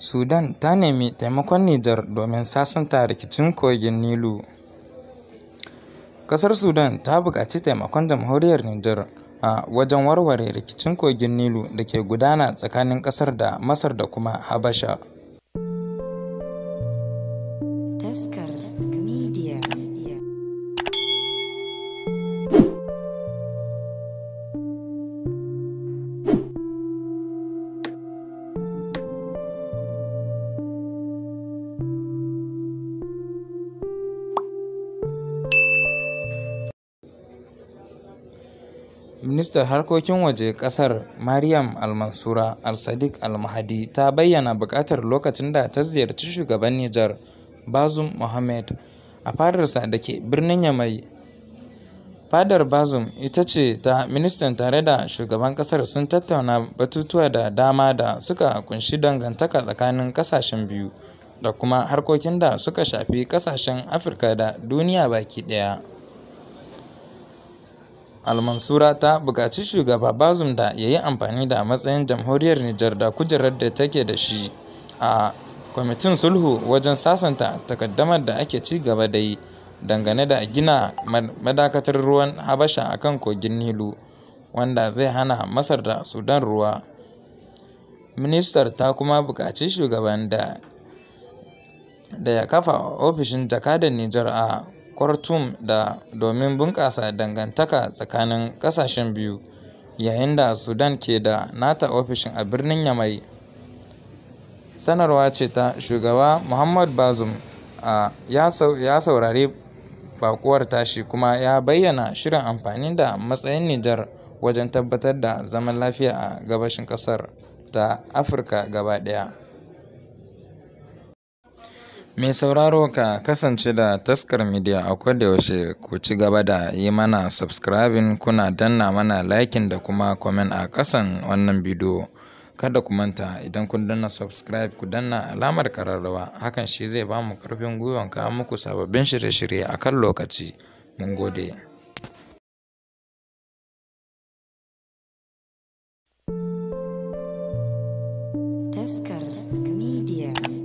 Sudan ta nemi taimakon Nijar domin sasanta rikicin kogin Nilu. Ƙasar Sudan ta buƙaci taimakon Jamhuriyar Nijar a wajen warware rikicin kogin Nilu da ke gudana tsakanin ƙasar da Masar da kuma Habasha. Ministar Harkokin waje ƙasar, Maryam Almansura Al-Sadiq Al-Mahdi, ta bayyana buƙatar lokacin da ta ziyarci shugaban Nijar, Bazum Mohamed, a fadarsa da ke birnin Yamai. Fadar Bazum ita ce ta ministan tare da shugaban ƙasar sun tattauna batutuwa da dama da suka kunshi dangantaka tsakanin ƙasashen biyu da kuma harkokin da suka shafi ƙasashen Afirka da duniya baki ɗaya. almansura ta buƙaci shugaba bazum da ya yi amfani da matsayin jamhuriyar nijar da kujerar da take da shi a kwamitin sulhu wajen sasanta takaddamar da ake ci gaba da yi dangane da gina madakatar ruwan habasha a kan kogin nilu wanda zai hana masar da sudan ruwa ministar ta kuma buƙaci shugaban da ya kafa ofishin jakadan nijar a khartoum da domin bunƙasa dangantaka tsakanin ƙasashen biyu yayin da sudan ke da nata ofishin a birnin yamai sanarwa ce ta shugaba muhammad bazoum ya saurari bakuwar tashi kuma ya bayyana shirin amfani da matsayin nijar wajen tabbatar da zaman lafiya a gabashin kasar ta afirka gaba ɗaya Mai sauraro ka kasance da taskar midiya a yaushe ku ci gaba da yi mana subscribing kuna danna mana liking da kuma comment a kasan wannan bidiyo. Kada ku manta idan kun danna subscribe ku danna alamar kararrawa hakan shi zai ba mu karfin gwiwan kawo muku sababbin shirye-shirye a kan lokaci. Mun gode. Taskar Media.